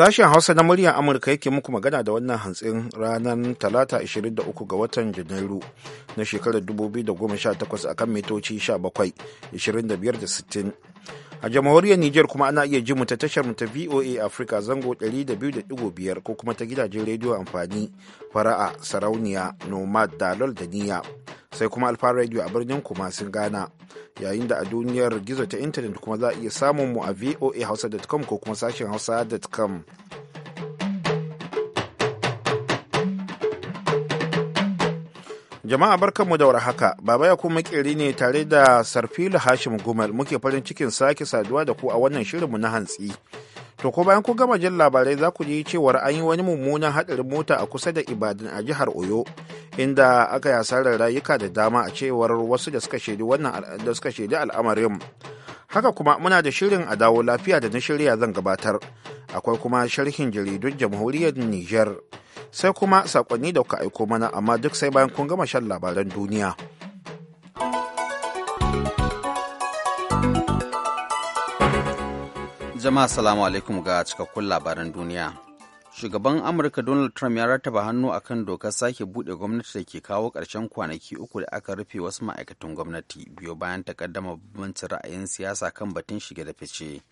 Sashen Hausa na muryar Amurka yake muku magana da wannan hantsin ranar Talata 23 ga watan Janairu na shekarar 2018 akan mitoci 17, 25 da 60. a jamhuriyar niger kuma ana iya ji mu ta tashar mu ta voa africa zango 200.5 ko kuma ta gidajen rediyo amfani fara'a sarauniya nomad dalol da niya sai kuma alfa radio a birnin kuma sun gana yayin da a duniyar gizo ta intanet kuma za a iya samun mu a voa hausa.com ko kuma sashen hausa.com Jama'a barkan mu da warhaka Baba ya kuma makeri ne tare da Sarfilu Hashim Gumal muke farin cikin sake saduwa da ku a wannan shirinmu na hantsi. To ko bayan ku gama jin labarai za ku ji cewar an yi wani mummunan hadarin mota a kusa da Ibadan a jihar Oyo inda aka yi asarar rayuka da dama a cewar wasu da suka shaidi wannan da suka shaidi al'amarin. haka kuma muna da shirin a dawo lafiya da na shirya zan gabatar akwai kuma sharhin jaridun jamhuriyar niger sai kuma sakonni da kuka aiko mana amma duk sai bayan kun gama shan labaran duniya jama'a salamu alaikum ga cikakkun labaran duniya Shugaban Amurka Donald Trump ya rataba hannu a kan dokar sake bude gwamnati da ke kawo karshen kwanaki uku da aka rufe wasu ma'aikatan gwamnati biyo bayan ta takaddama bambancin ra'ayin siyasa kan batun shige da fice.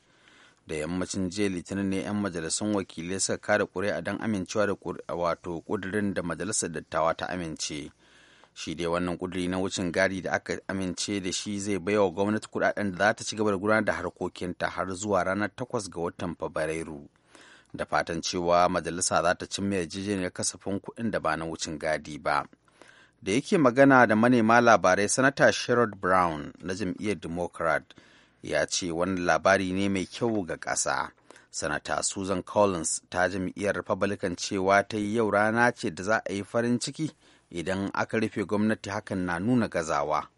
Da yammacin jiya litinin ne 'yan majalisun wakilai suka kada a don amincewa da wato kudirin da majalisar dattawa ta amince. shi dai wannan kuduri na wucin gadi da aka amince da shi zai baiwa gwamnati kudaden da za ta ci gaba da gudanar da harkokinta har zuwa ranar 8 ga watan fabrairu da fatan cewa majalisa za ta cimma yarjejeniyar kasafin kuɗin da ba na wucin gadi ba da yake magana da manema labarai sanata sherrod brown na jam'iyyar democrat ya ce wani labari ne mai kyau ga ƙasa sanata susan collins ta jam'iyyar republican cewa ta yi yau rana ce da za a yi farin ciki idan aka rufe gwamnati hakan na nuna gazawa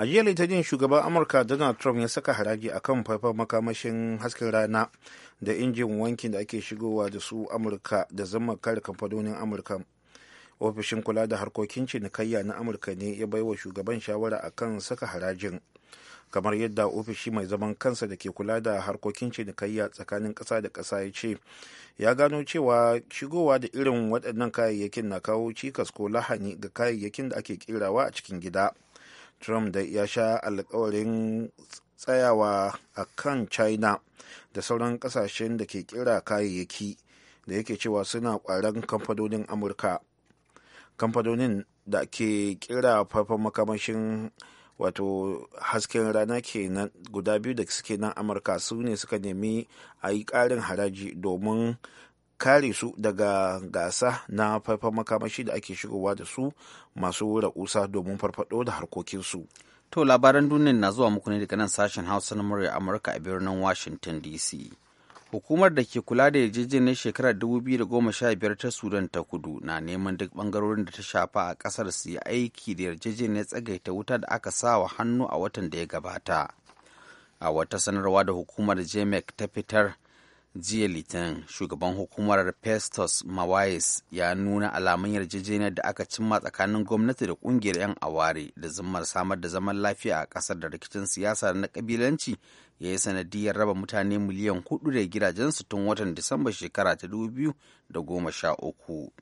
a jiya litinin shugaban amurka donald trump ya saka haraji akan faifan makamashin hasken rana da injin wankin da ake shigowa da su amurka da zama kare kamfanonin amurka ofishin kula da harkokin cinikayya na amurka ne ya baiwa shugaban shawara akan saka harajin kamar yadda ofishi mai zaman kansa da ke kula da harkokin cinikayya tsakanin ƙasa da ƙasa ya ce ya gano cewa shigowa da irin waɗannan kayayyakin na kawo cikas ko lahani ga kayayyakin da ake kirawa a cikin gida. trump da ya sha alkawarin tsayawa a kan china da sauran kasashen da ke kira kayayyaki da yake cewa suna kwaran kamfanonin amurka kamfanonin da ke kira faifan makamashin wato hasken rana kenan guda biyu da suke nan amurka su ne suka nemi a yi karin haraji domin kare su daga gasa na faifan makamashi da ake shigowa da su masu ra'usa domin farfado da harkokinsu. To labaran duniya na zuwa muku ne daga nan sashen Hausa na murya Amurka a birnin Washington DC. Hukumar da ke kula da yarjejeniyar shekarar 2015 ta Sudan ta kudu na neman duk bangarorin da ta shafa a kasar su yi aiki da yarjejeniyar tsagaita wuta da aka sa wa hannu a watan da ya gabata. A wata sanarwa da hukumar JMEC ta fitar jiya litinin shugaban hukumar festus mawais ya nuna alamun yarjejeniyar da aka cimma tsakanin gwamnati da kungiyar 'yan aware da zimmar samar da zaman lafiya a kasar da rikicin siyasa na kabilanci ya yi sanadiyar raba mutane miliyan hudu da gidajensu tun watan disamba shekara ta biyu da goma sha dubu uku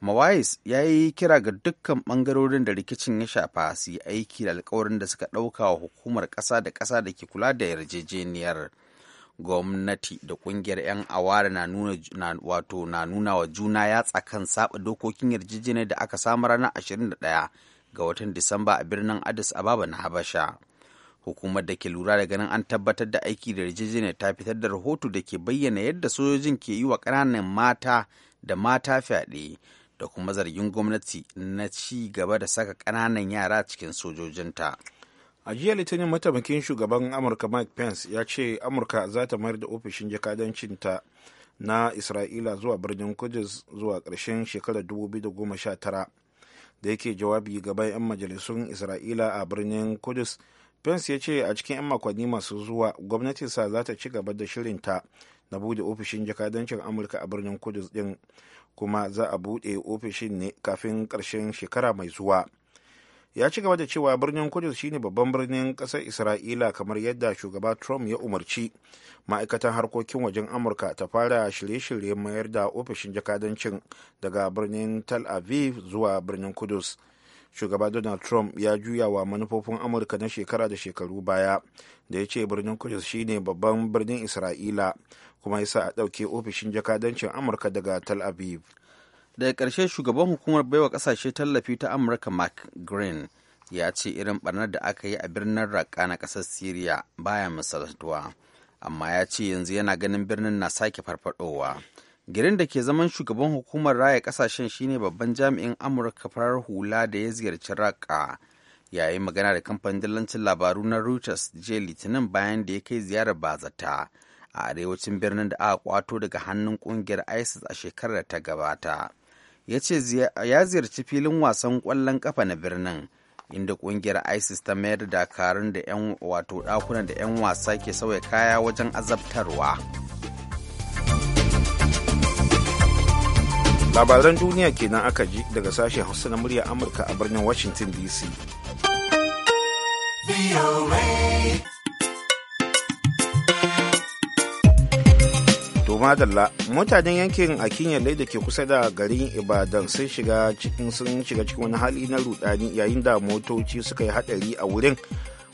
mawais ya yi kira ga dukkan bangarorin da rikicin ya shafa su yi aiki da alkawarin da suka ɗauka wa hukumar ƙasa da ƙasa da ke kula da yarjejeniyar gwamnati da kungiyar 'yan awara na nuna wato na nuna wa juna ya tsakan saba dokokin yarjejeniyar da aka samu ranar 21 ga watan Disamba a birnin Addis Ababa na Habasha. Hukumar da ke lura da ganin an tabbatar da aiki da yarjejeniyar ta fitar da rahoto da ke bayyana yadda sojojin ke yi wa ƙananan mata da mata fyaɗe da kuma zargin gwamnati na ci gaba da saka ƙananan yara cikin sojojinta. a jiya litinin mataimakin shugaban amurka mike pence ya ce amurka za ta mayar da ofishin ta na isra'ila zuwa birnin kudus zuwa karshen shekarar 2019 da yake jawabi gaban 'yan majalisun isra'ila a birnin kudus pence ya ce a cikin 'yan makonni masu zuwa gwamnatinsa za ta ci gaba da shirinta na bude ofishin jakadancin amurka a birnin kudus din kuma za a bude ofishin ne kafin karshen shekara mai zuwa ya ci gaba da cewa birnin kudus shine babban birnin kasar isra'ila kamar yadda shugaba trump ya umarci ma'aikatan harkokin wajen amurka ta fara shirye shiryen mayar da ofishin jakadancin daga birnin tel aviv zuwa birnin kudus shugaba donald trump ya juya wa manufofin amurka na shekara da shekaru baya da ya ce birnin kudus shine babban birnin isra'ila kuma ya sa a ɗauke ofishin jakadancin amurka daga tel aviv daga ƙarshe shugaban hukumar baiwa ƙasashe tallafi ta amurka mark green ya ce irin barnar da aka yi a birnin raqqa na ƙasar syria baya misaltuwa amma ya ce yanzu yana ganin birnin na sake farfadowa girin da ke zaman shugaban hukumar raya kasashen shine babban jami'in amurka farar hula da ya ziyarci raqqa yayin magana da kamfanin dillancin labaru na reuters jiya litinin bayan da ya kai ziyarar bazata a arewacin birnin da aka kwato daga hannun kungiyar isis a shekarar da ta gabata ya ce ya ziyarci filin wasan kwallon kafa na birnin inda kungiyar isis ta mayar da dakarun da 'yan wato dakuna da 'yan wasa ke sauya kaya wajen azabtarwa labaran duniya kenan aka ji daga sashen hausa na murya amurka a birnin washington dc madalla mutanen yankin lai da ke kusa da garin ibadan sun shiga cikin sun shiga cikin wani hali na rudani yayin da motoci suka yi hadari a wurin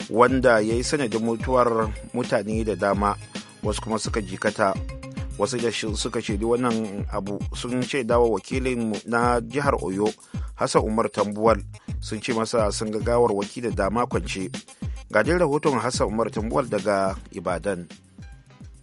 wanda ya yi sanadin mutuwar mutane da dama wasu kuma suka jikata wasu da suka shaidi wannan abu sun wa wakilin na jihar oyo hassan umar tambuwal sun ce masa sun gawar waki da dama kwance ga rahoton hassan umar tambuwal daga ibadan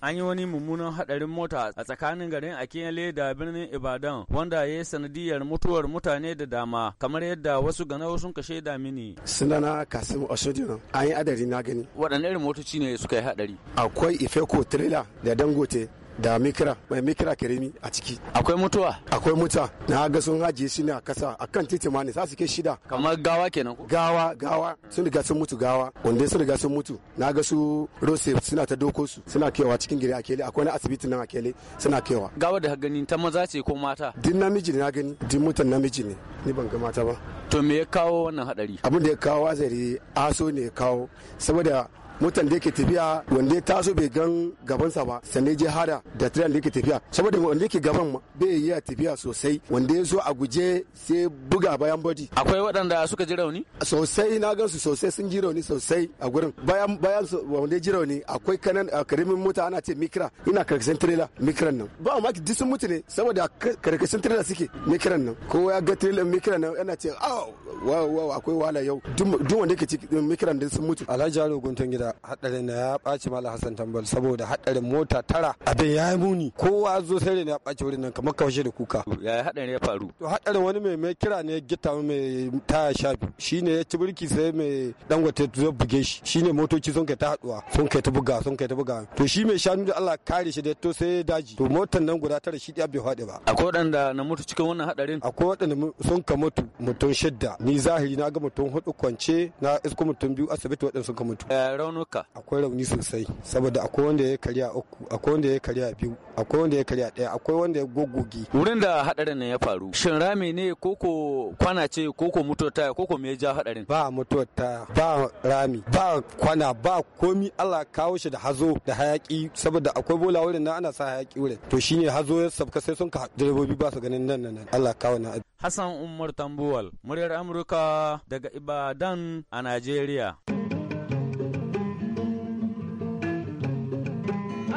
An yi wani mummunan hadarin mota a tsakanin garin Akinyele da birnin Ibadan wanda ya yi sanadiyar mutuwar mutane da dama kamar yadda wasu gana sun kashe da mini. Sunana Kasim Oshodinan an yi adari na gani. Waɗanne irin motoci ne suka yi hadari? Akwai Ifeko Trailer da Dangote da mikira mai mikira karemi a ciki akwai mutuwa akwai mutuwa? na ga sun ajiye shi ne a kasa akan titi ma ne sa suke shida kamar gawa kenan gawa gawa sun riga sun mutu gawa wanda sun riga sun mutu na ga su rose suna ta doko su suna kewa cikin gari akele akwai na asibiti nan akele suna kewa gawa da gani ta maza ce ko mata din namiji ne na gani din mutan namiji ne ni ban ga mata ba to me ya kawo wannan hadari abin da ya kawo azari aso ne ya kawo saboda mutan da yake tafiya wanda ya taso bai gan gabansa ba sannan je hada da tiran da yake tafiya saboda wanda yake gaban bai yi tafiya sosai wanda ya zo a guje sai buga bayan body akwai waɗanda suka ji rauni sosai na gan su sosai sun ji rauni sosai a gurin bayan bayan wanda ya ji rauni akwai kanan karimin mota ana ce mikra ina karkashin trela mikran nan ba amma duk sun mutu ne saboda karkashin trela suke mikran nan kowa ya ga trela mikran nan yana ce aw akwai wala yau duk wanda yake mikran din sun mutu alhaji gunton gida saboda hadarin na ya ɓaci mala hassan tambal saboda hadarin mota tara abin ya yi muni kowa zo sai na ya ɓaci wurin nan kamar kawashe da kuka ya hadarin ya faru to hadarin wani mai mai kira ne gita mai taya sha shine ya ci birki sai mai dangote zo buge shi shine motoci sun kai ta haduwa sun kai ta buga sun kai ta buga to shi mai shanu da Allah kare shi da to sai daji to motan nan guda tara shi bai faɗi ba akwai wadanda na mutu cikin wannan hadarin akwai wadanda sun ka mutu mutum shidda ni zahiri na ga mutum hudu kwance na isko mutum biyu asibiti wadanda sun ka mutu eh, raunuka akwai rauni sosai saboda akwai wanda ya karya uku akwai wanda ya karya biyu akwai wanda ya karya daya akwai wanda ya gogogi. wurin da hadarin ne ya faru shin rami ne koko kwana ce koko mutuwar taya koko me ya ja hadarin ba mutuwar taya ba rami ba kwana ba komi Allah kawo shi da hazo da hayaki saboda akwai bola wurin nan ana sa hayaki wurin to shine hazo ya sabka sai sun ka direbobi ba su ganin nan nan Allah kawo na Hassan Umar Tambuwal muryar Amurka daga Ibadan a Najeriya.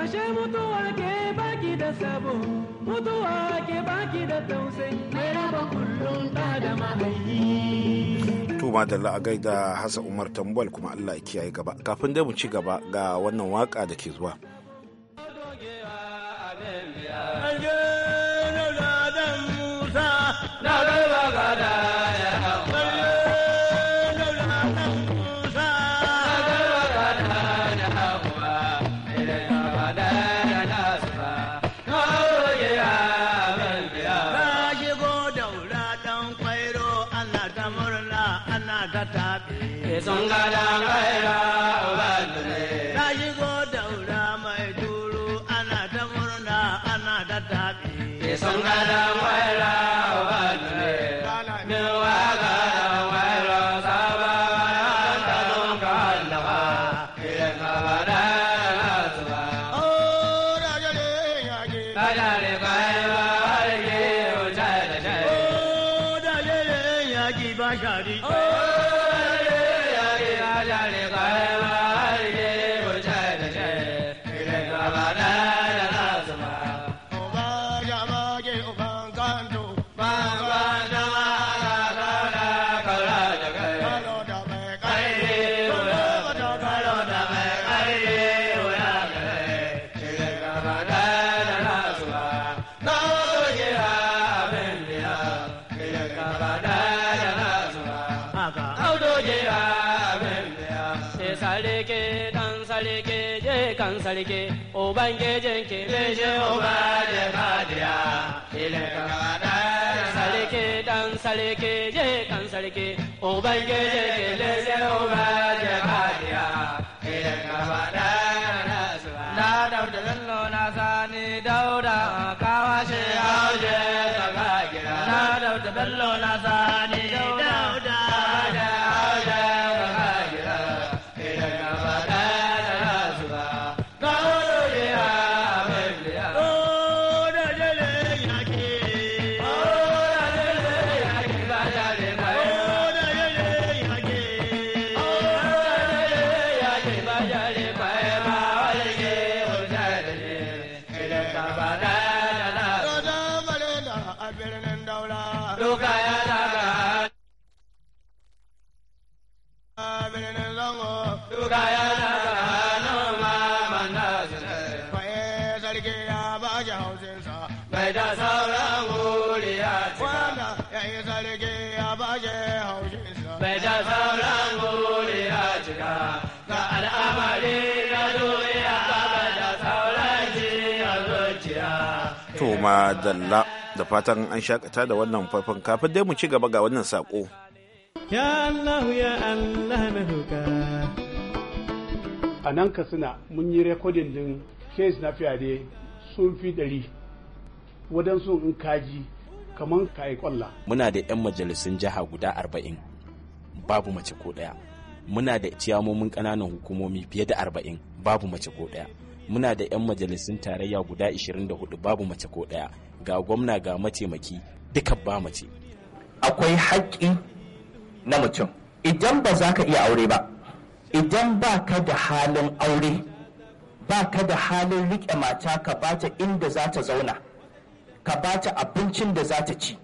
ashe mutuwa ke baki da sabo mutuwa ke baki da tausayi mai raba kullum da da mahaifi to madalla gaida hasa umar tambal kuma allah ya kiyaye gaba kafin dai mu ci gaba ga wannan waka da ke zuwa musa sarki je kan sarki ubangiji ki lele uba je kariya idan dalla da fatan an shakata da wannan faifan kafin dai mu ci gaba ga wannan sako ya Allah ya Allah na roka a nan ka suna mun yi rekodin din kes na fiyade sun fi ɗari wadansu in kaji kamar ka yi kwalla muna da 'yan majalisun jiha guda arba'in babu mace ko ɗaya muna da ciyamomin ƙananan hukumomi fiye da arba'in babu mace ko ɗaya muna da 'yan majalisun tarayya guda 24 babu mace ko ɗaya ga gwamna ga mataimaki duka ba mace akwai haƙƙi na mutum idan ba za ka iya aure ba idan ba ka da halin aure ba ka da halin riƙe mata ka ba inda za ta zauna ka ba abincin da za ta ci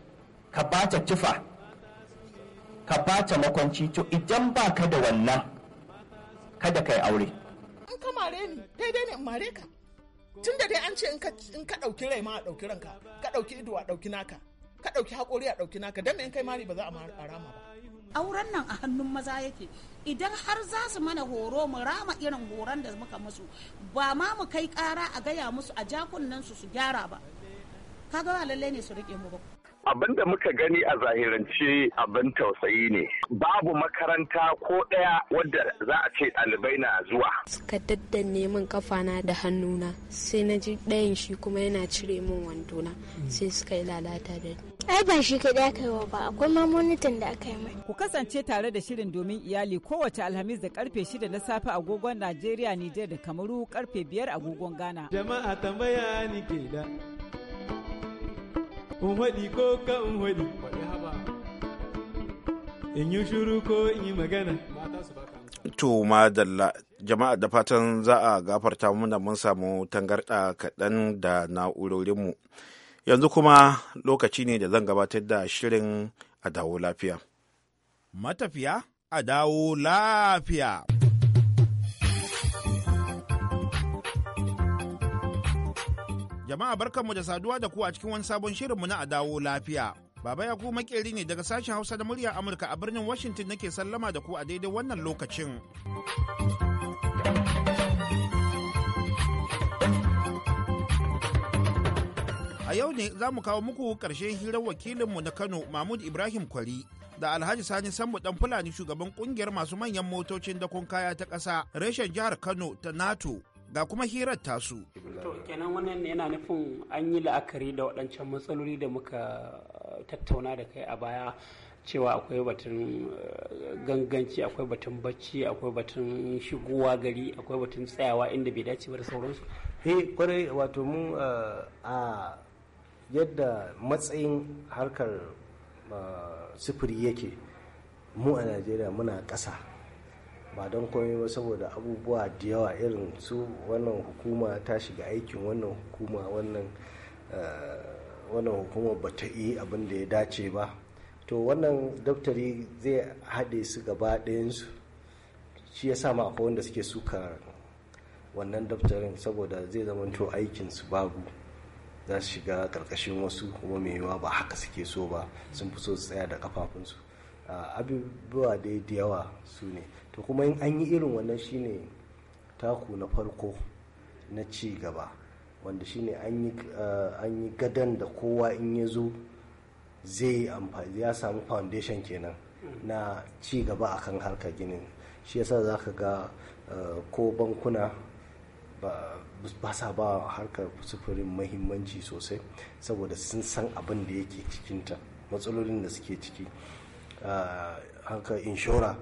ka ba tufa ka ba ta makwanci to idan ba ka da wannan kada ka yi aure in ka mare ni daidai ne in mare ka tun da dai an ce in ka ɗauki rai ma a ɗauki ranka ka ɗauki ido a ɗauki naka ka ɗauki haƙori a ɗauki naka dan in kai mari ba za a rama ba auren nan a hannun maza yake idan har za su mana horo mu rama irin horon da muka musu ba ma mu kai ƙara a gaya musu a jakunan su su gyara ba kaga ba lallai ne su riƙe mu ba abin da muka gani a zahirance abin tausayi ne babu makaranta ko ɗaya wadda za a ce ɗalibai na zuwa suka daddanne min kafana da hannuna sai na ji ɗayan shi kuma yana cire min wandona sai suka yi lalata da ni ai ba shi kaɗai aka yi wa ba akwai mamonitan da aka yi mai ku kasance tare da shirin domin iyali kowace alhamis da karfe shida na safe agogon najeriya nijar da kamaru karfe biyar agogon ghana jama'a tambaya ni ke da in waɗi ko ka in waɗi in yi shuru ko in yi magana to madalla jama'a da fatan za a gafarta muna mun samu tangarɗa kaɗan da na'urorinmu yanzu kuma lokaci ne da zan gabatar da shirin a dawo lafiya matafiya a dawo lafiya Jama'a barkanmu da saduwa da ku a cikin wani sabon shirinmu na Adawo Lafiya. Baba ya ku makeri ne daga sashen Hausa da murya Amurka a birnin Washington nake sallama da ku a daidai wannan lokacin. A yau ne za mu kawo muku ƙarshen hirar wakilinmu na Kano Mahmud Ibrahim Kwari da Alhaji Sani Sambu dan Fulani shugaban kungiyar masu manyan motocin dakon kaya ta ƙasa reshen jihar Kano ta NATO ga kuma hirar tasu. To kenan wannan yana nufin an yi la'akari da waɗancan matsaloli da muka uh, tattauna da kai a baya cewa akwai batun uh, ganganci akwai batun bacci akwai batun shigowa gari akwai batun tsayawa inda bai dace ba da sauransu. He kwarai wato mun uh, a yadda matsayin harkar sufuri yake mu a Najeriya muna ƙasa. ba don komai ba saboda abubuwa da yawa irin su wannan hukuma ta shiga aikin wannan hukuma wannan eh, wannan hukuma ba ta yi abin da ya dace ba to wannan daftari zai haɗe su gaba ɗayansu shi ya sa ma akwai wanda suke suka wannan daftarin saboda zai zama zamanto su babu za su shiga karkashin wasu kuma mai yawa ba haka suke so ba sun fi so su tsaya da kafafunsu ah, abubuwa da yawa su ne to kuma in an yi irin wannan shine taku na farko na ci gaba wanda shine an yi eh, gadon da kowa in ya zo zai amfani ya samu foundation kenan na ci gaba akan harkar ginin shi yasa za ka ga eh, ko bankuna ba sa ba harkar sufurin mahimmanci sosai saboda sun san abin da yake cikinta matsalolin da suke ciki eh, harkar inshora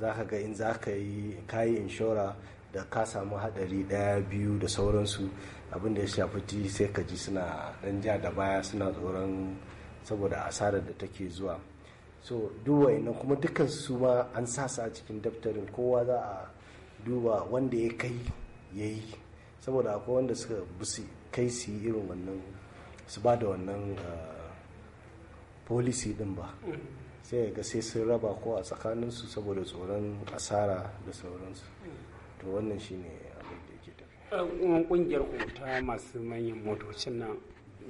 za ka ga in za ka yi kayi inshora da ka samu hadari daya biyu da sauransu abin da ya shafi ti sai ka ji suna dan ja da baya suna tsoron saboda asarar da take zuwa so duwa nan kuma dukkan su ma an sa su a cikin daftarin kowa za a duba wanda ya kai ya yi saboda akwai wanda suka busi kai su yi irin wannan su ba da wannan eh, policy din ba mm. sai ga sai sun raba ko a tsakaninsu saboda tsoron asara da sauransu to wannan shine abin da yake tafiya eh, kungiyar masu manyan motocin nan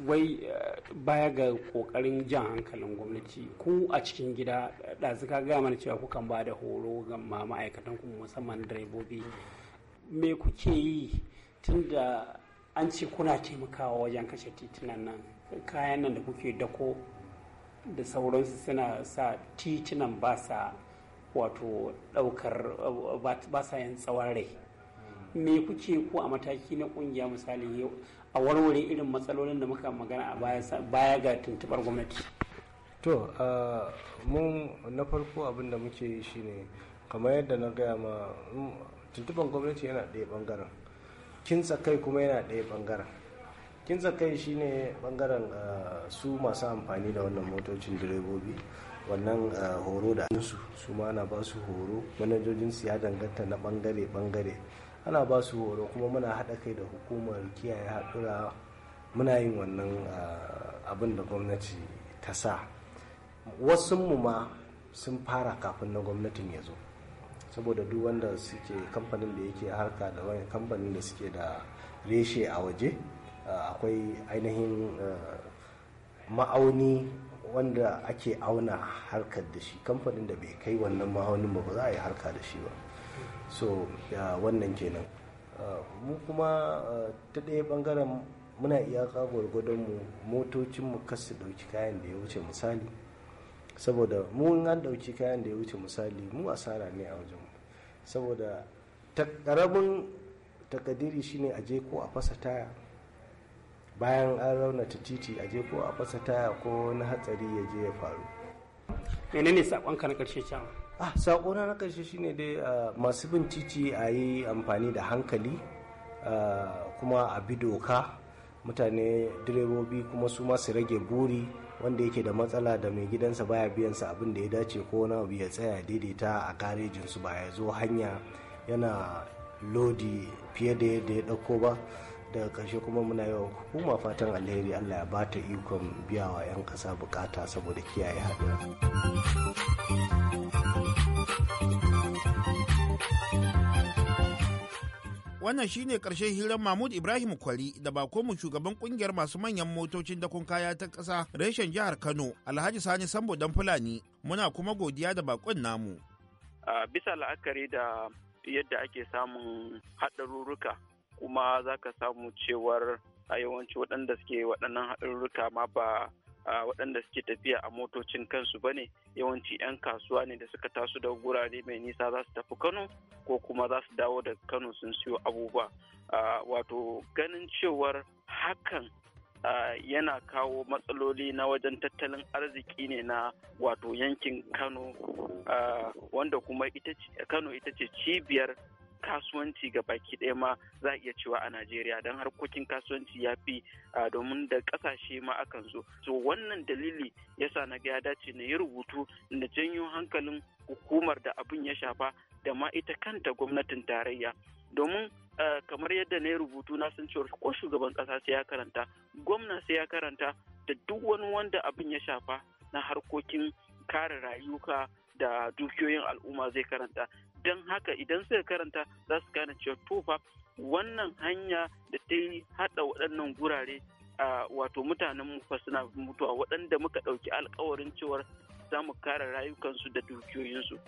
wai eh, baya ga kokarin jan hankalin gwamnati ku a cikin gida ɗazu ka gaya mana cewa kukan ba da horo ga ma'aikatan ku musamman direbobi me kuke yi tunda an ce kuna taimakawa wajen kashe titunan nan kayan nan da kuke dako da sauransu suna sa titunan ba sa wato daukar ba sa yin tsawon rai hmm. me kuke ko a mataki na kungiya misali a warware irin matsalolin da muka magana a baya ga tuntubar gwamnati to mun na farko abin da muke yi shine kamar yadda na gaya ma tuntuban gwamnati yana ɗaya bangaren kinsa kai kuma yana ɗaya bangaren kin kai shine bangaren ah, su masu amfani da wannan motocin direbobi wannan ah, horo da su su ma ana ba su horo su ya danganta na bangare-bangare ana ba su horo kuma muna haɗa kai da hukumar kiyaye haɗura muna yin wannan ah, abin da gwamnati ta sa wasu mu ma sun fara kafin na gwamnatin ya zo saboda duk wanda suke kamfanin da yake harka da wani kamfanin da suke da reshe a waje akwai ainihin eh, ma'auni wanda ake auna harkar da shi kamfanin da bai kai wannan ma'aunin ba ba za a yi harka da shi ba so wannan kenan eh, mu kuma eh, ta ɗaya ɓangaren muna iyaka mu motocinmu kas su ɗauki kayan da ya wuce misali saboda mu an ɗauki kayan da ya wuce misali mu asara ne a wajenmu saboda ƙaramin takadiri shine a je ko a fasa taya bayan an raunata titi a je ko a fasa taya ko na hatsari ya je ya faru menene sakonka na karshe can ah sakona na karshe shine dai ah, masu bin titi a yi amfani da hankali ah, kuma a bi doka mutane direbobi kuma su masu rage buri wanda yake da matsala da mai gidansa baya biyan sa abin da ya dace ko na abu ya tsaya daidaita a garejinsu ba ya zo hanya yana lodi fiye da yadda ya ɗauko ba daga ƙarshe kuma muna yawan hukuma fatan alheri allah ya bata ikon biyawa 'yan ƙasa bukata saboda kiyaye haɗin wannan shine karshen hirar mahmud ibrahim kwari da mu shugaban kungiyar masu manyan motocin dakon kaya ta ƙasa reshen jihar kano alhaji sani sambo dan fulani muna kuma godiya da bakon namu bisa la'akari da yadda ake samun haɗarurruka kuma za ka samu cewar a yawanci waɗanda suke waɗannan haɗarurruka ma ba waɗanda suke tafiya a motocin kansu ba ne yawanci 'yan kasuwa ne da suka taso da gurare mai nisa za su tafi kano ko kuma za su dawo da kano sun siyo abubuwa wato ganin cewar hakan yana kawo matsaloli na wajen tattalin arziki ne na wato yankin kano wanda kuma kano ita ce cibiyar kasuwanci ga baki ɗaya ma za a iya cewa a Najeriya don harkokin kasuwanci ya fi domin da ƙasashe ma akan zo. So wannan dalili ya sa na ga ya dace na yi rubutu na janyo hankalin hukumar da abin ya shafa da ma ita kanta gwamnatin tarayya. Domin kamar yadda na yi rubutu na san cewa ko shugaban ƙasa sai ya karanta, gwamna sai ya karanta da duk wani wanda abin ya shafa na harkokin kare rayuka da dukiyoyin al'umma zai karanta don haka idan suka karanta za su gane cewa tofa wannan hanya da ta yi haɗa waɗannan gurare a wato mutanen mu fa suna mutuwa waɗanda muka ɗauki alkawarin cewar za mu kare rayukansu da dukiyoyinsu.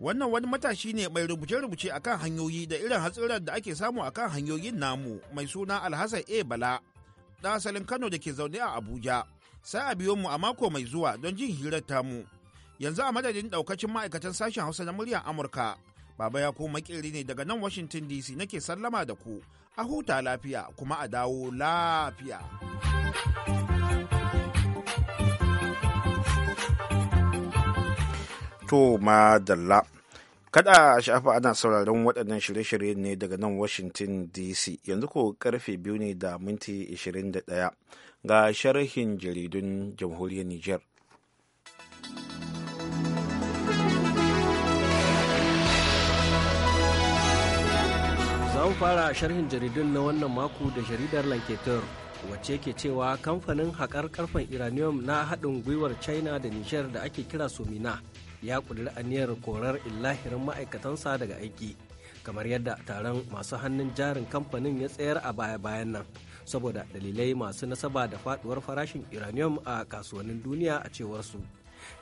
Wannan wani matashi ne mai rubuce-rubuce akan hanyoyi da irin hatsuran da ake samu akan hanyoyin namu mai suna Alhassan e Bala, ɗan asalin Kano da ke zaune a Abuja. Sai a biyo mu a mako mai zuwa don jin hirar tamu. Yanzu a madadin ɗaukacin ma'aikatan sashen Hausa na muryar Amurka. Baba ya ko makeri ne daga nan Washington DC nake sallama da ku. A huta lafiya kuma a dawo lafiya. To madalla. Kada a shafa ana sauraron waɗannan shirye-shirye ne daga nan Washington DC yanzu ko karfe biyu ne da minti 21 ga sharhin jaridun jamhuriyar Nijar. an fara sharhin jaridun na wannan mako da jaridar Lanketer wacce ke cewa kamfanin haƙar karfen uranium na haɗin gwiwar China da Nijar da ake kira Somina ya ƙudiri aniyar korar illahirin ma'aikatansa daga aiki. kamar yadda taron masu hannun jarin kamfanin ya tsayar a baya-bayan nan saboda dalilai masu nasaba da faɗuwar farashin uranium a kasuwannin duniya a cewar su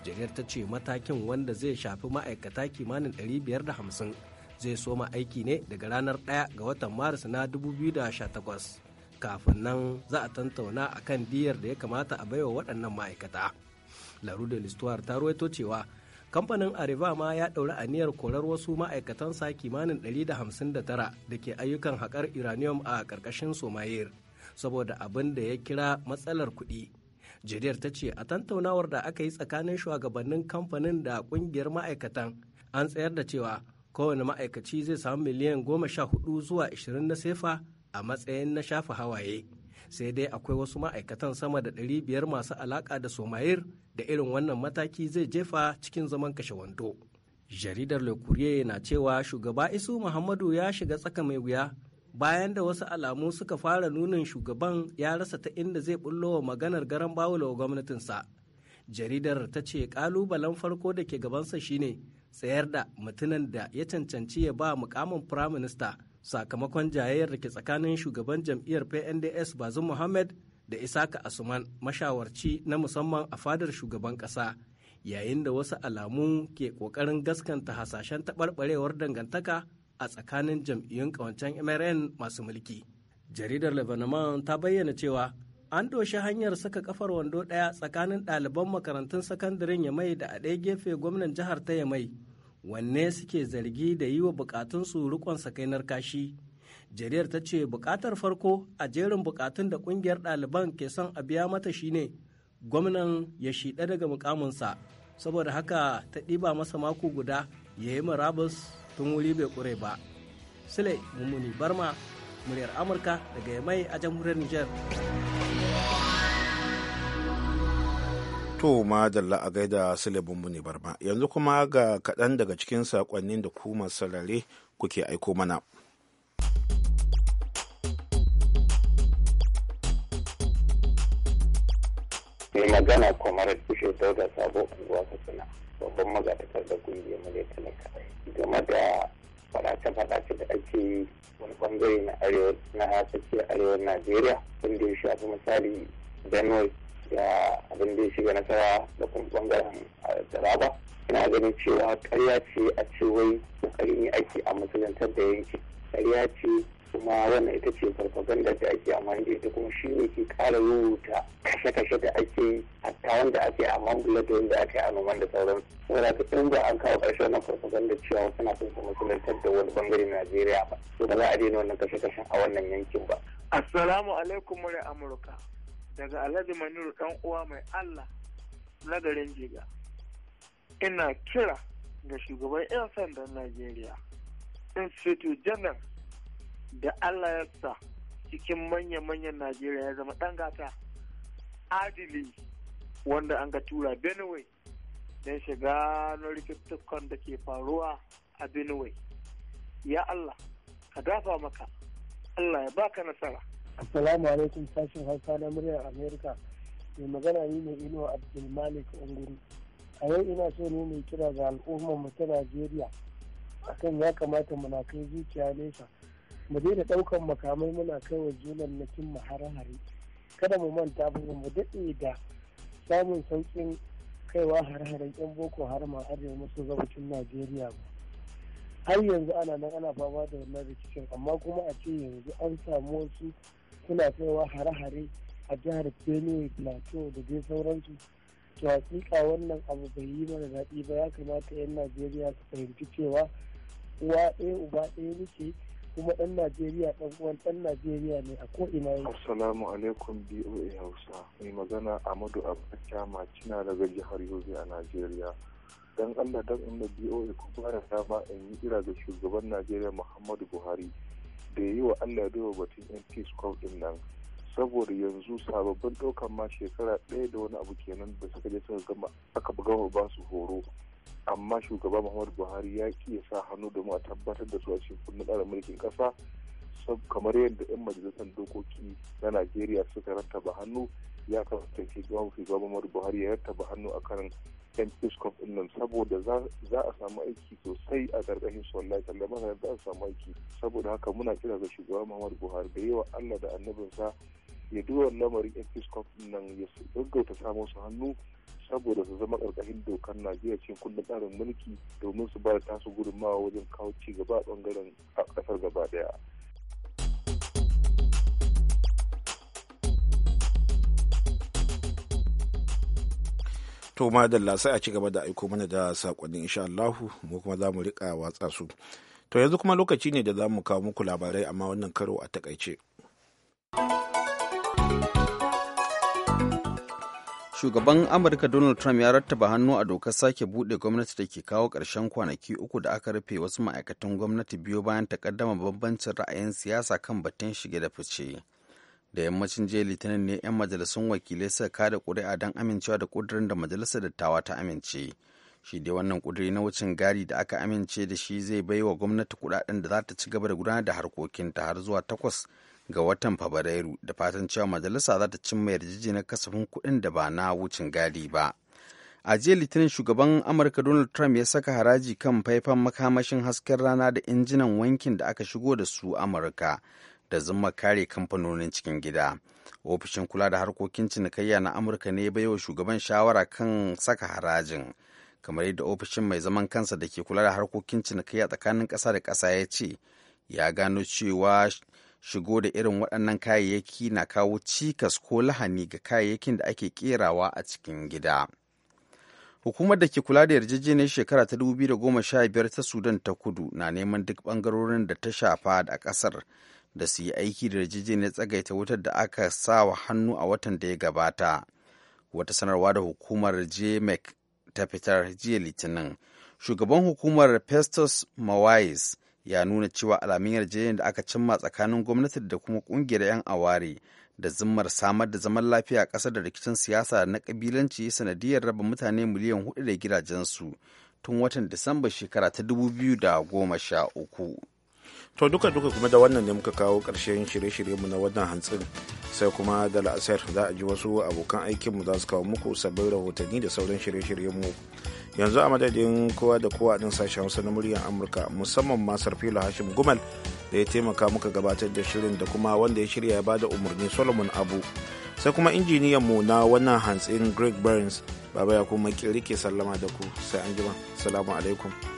jaridar ta ce matakin wanda zai shafi ma'aikata kimanin 550 zai soma aiki ne daga ranar 1 ga watan maris na 2018 kafin nan za a tantauna a kan diyar da ya kamata a baiwa waɗannan ma'aikata laru da ta ruwaito cewa kamfanin areva ma ya ɗauri aniyar korar wasu ma'aikatansa kimanin 159 da ke ayyukan haƙar uranium a ƙarƙashin somayir saboda abin da ya kira matsalar kuɗi jiriyar ta ce a tantaunawar da aka yi tsakanin shugabannin kamfanin da ƙungiyar ma'aikatan an tsayar da cewa kowane ma'aikaci zai samu miliyan goma sha hudu zuwa ishirin na sefa a matsayin na shafa hawaye sai dai akwai wasu ma'aikatan sama da ɗari biyar masu alaƙa da somayir da irin wannan mataki zai jefa cikin zaman kashe wando jaridar le courrier na cewa shugaba isu muhammadu ya shiga tsaka mai wuya bayan da wasu alamu suka fara nunin shugaban ya rasa ta inda zai bullo wa maganar garan bawula wa gwamnatinsa jaridar ta ce ƙalubalen farko da ke gabansa shine tsayar da mutunan da ya cancanci ya ba mukamin firaminista sakamakon jayayyar da tsakanin shugaban jam'iyyar pnds bazin muhammad da isaka asuman mashawarci na musamman a fadar shugaban ƙasa yayin da wasu alamu ke ƙoƙarin gaskanta hasashen taɓarɓarewar dangantaka a tsakanin jam'iyyun ƙawancen mrn masu mulki jaridar lebanon ta bayyana cewa an doshi hanyar saka kafar wando ɗaya tsakanin ɗaliban makarantun sakandaren ya mai da a ɗaya gefe gwamnan jihar ta ya mai. wanne suke zargi da yi wa bukatunsu rikon sakainar kashi jariyar ta ce bukatar farko a jerin bukatun da kungiyar ɗaliban ke son a biya mata shine gwamnan ya shiɗa daga mukaminsa saboda haka ta ɗiba masa mako guda ya yi marabus tun wuri bai kure ba sule mummuni barma muryar amurka daga mai a jamhuriyar niger To madalla a gaida silibin ne barba yanzu kuma ga kaɗan daga cikin saƙonnin da kuma sarare kuke aiko mana. mai magana kwamar kushe dauda sabo unguwa katsina babban magatakar da kungiyar mu talaka game da fadace fadace da ake yi wani bangare na arewa na tsakiyar arewa najeriya wanda ya shafi misali benue ya abin da ya shiga nasara da kuma bangaren taraba ina ganin cewa karya ce a ce wai kokari ne ake a musulantar da yanki karya ce kuma wannan ita ce farfaganda da ake amfani da ita kuma shi ne ke kara rubuta kashe-kashe da ake hatta wanda ake a mambula da wanda ake a noman da sauran saboda ta ɗin ba an kawo ƙarshe wannan farfaganda cewa suna na kuma da wani bangare na najeriya ba to ba za a daina wannan kashe kashe a wannan yankin ba assalamu alaikum murai amurka daga alhaji maniru dan uwa mai allah na garin jiga ina kira ga shugaban 'yan sandan najeriya institute janar da allah ya sa cikin manya-manyan najeriya ya zama ɗan gata adili wanda an ga tura benue don shiga na rikittukan da ke faruwa a benue ya allah ka dafa maka allah ya baka nasara Assalamu alaikum sashen Hausa na muryar Amerika. Mai magana ni ne Inuwa Abdulmalik Unguri. A yau ina so ne mai kira ga al'ummar mu ta Najeriya akan ya kamata muna kai zuciya nesa. Mu daina ɗaukan makamai muna kai wa junan na cin hare-hare. Kada mu manta ba mu daɗe da samun sauƙin kaiwa hare-haren 'yan Boko Haram a arewa maso gabashin Najeriya ba. har yanzu ana nan ana fama da wannan rikicin amma kuma a ce yanzu an samu wasu suna kaiwa hare-hare a jihar benue plateau da dai sauransu to hakika wannan abu bai yi mana daɗi ba ya kamata 'yan najeriya su fahimci cewa uwa ɗaya uba ɗaya nake kuma ɗan najeriya ɗan uwan ɗan najeriya ne a ko ko'ina yi assalamu alaikum boa hausa mai magana amadu abacha macina daga jihar yobe a najeriya dan allah dan inda boa ku ba da dama in yi kira ga shugaban najeriya muhammadu buhari da yi wa allah da batun yan peace din nan saboda yanzu sababbin ɗaukan ma shekara ɗaya da wani abu kenan da suka je suka gama aka gama ba su horo amma shugaba muhammadu buhari ya ki ya sa hannu domin a tabbatar da su a cikin kundin mulkin ƙasa kamar yadda 'yan majalisar dokoki na najeriya suka rattaba hannu ya kamata ke gwamnati gwamnati buhari ya rattaba hannu a kan yan fiskop ɗin nan saboda za a samu aiki sosai a ƙarƙashin su wallahi kalla mana za a samu aiki saboda haka muna kira ga shugaba muhammadu buhari da yawa allah da annabinsa ya duba lamarin yan fiskop ɗin nan ya gaggauta samun su hannu saboda su zama ƙarƙashin dokar najeriya cikin kundin tsarin mulki domin su ba da tasu gudunmawa wajen kawo ci gaba a ɓangaren ƙasar gaba ɗaya to madalla sai a ci gaba da aiko mana da sakonni insha Allahu mu kuma za mu rika watsa su to yanzu kuma lokaci ne da za mu kawo muku labarai amma wannan karo a takaice shugaban amurka donald trump ya rattaba hannu a dokar sake bude gwamnati da ke kawo ƙarshen kwanaki uku da aka rufe wasu ma'aikatan gwamnati biyu bayan takaddama bambancin ra'ayin siyasa kan batun shige da fice da yammacin jiya litinin ne 'yan majalisun wakilai suka kada kuri'a don amincewa da kudirin da majalisar dattawa ta amince shi dai wannan kuduri na wucin gari da aka amince da shi zai bai wa gwamnati kudaden da za ta ci gaba da gudanar da harkokinta har zuwa takwas ga watan fabrairu da fatan cewa majalisa za ta cimma yarjejeniyar kasafin kuɗin da ba na wucin gadi ba a jiya litinin shugaban amurka donald trump ya saka haraji kan faifan makamashin hasken rana da injinan wankin da aka shigo da su amurka da zuma kare kamfanonin cikin gida ofishin kula da harkokin cinikayya na amurka ne baiwa shugaban shawara kan saka harajin kamar yadda ofishin mai zaman kansa da ke kula da harkokin cinikayya tsakanin ƙasa da ƙasa ya ce ya gano cewa shigo da irin waɗannan kayayyaki na kawo cikas ko lahani ga kayayyakin da ake kerawa a cikin gida. Hukumar da ke kula da yarjejeniyar shekara ta 2015 ta Sudan ta kudu na neman duk ɓangarorin da ta shafa a ƙasar da su yi aiki da yarjejeniyar tsagaita wutar da aka sa wa hannu a watan da ya gabata wata sanarwa da hukumar jmec ta fitar jiya litinin shugaban hukumar festus mawais ya nuna cewa alamin yarjejeniyar da aka cimma tsakanin gwamnati da kuma kungiyar 'yan aware da zimmar samar da zaman lafiya a ƙasar da rikicin siyasa na kabilanci sanadiyar raba mutane miliyan hudu da gidajensu tun watan disamba shekara ta dubu biyu da goma sha uku. to duka duka kuma da wannan ne muka kawo ƙarshen shirye-shiryenmu na wannan hantsin sai kuma da la'asar za a ji wasu abokan aikinmu za su kawo muku sabbin rahotanni da sauran shirye-shiryenmu yanzu a madadin kowa da kowa din sashen hausa na muryar amurka musamman ma sarfila hashim gumal da ya taimaka muka gabatar da shirin da kuma wanda ya shirya ya bada umarni solomon abu sai kuma injiniyan mu na wannan hantsin greg burns baba ya kuma kirki sallama da ku sai an jima salamu alaikum